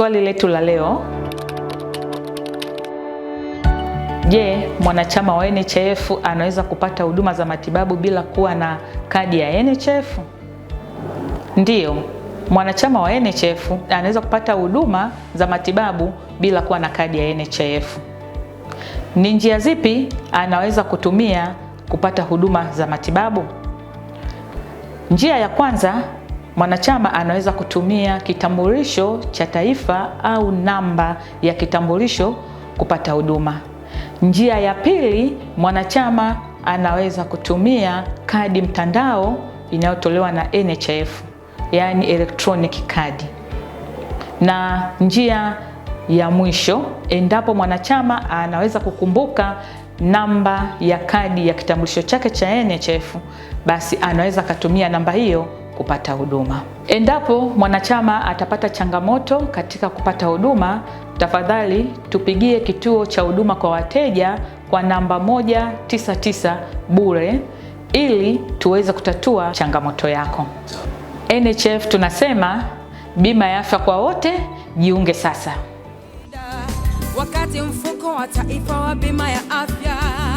Swali letu la leo: Je, mwanachama wa NHIF anaweza kupata huduma za matibabu bila kuwa na kadi ya NHIF? Ndiyo, mwanachama wa NHIF anaweza kupata huduma za matibabu bila kuwa na kadi ya NHIF. Ni njia zipi anaweza kutumia kupata huduma za matibabu? Njia ya kwanza Mwanachama anaweza kutumia kitambulisho cha taifa au namba ya kitambulisho kupata huduma. Njia ya pili, mwanachama anaweza kutumia kadi mtandao inayotolewa na NHIF, yaani electronic card. Na njia ya mwisho, endapo mwanachama anaweza kukumbuka namba ya kadi ya kitambulisho chake cha NHIF, basi anaweza akatumia namba hiyo kupata huduma. Endapo mwanachama atapata changamoto katika kupata huduma, tafadhali tupigie kituo cha huduma kwa wateja kwa namba 199 bure ili tuweze kutatua changamoto yako. NHF tunasema bima ya afya kwa wote, jiunge sasa. Wakati mfuko wa taifa wa bima ya afya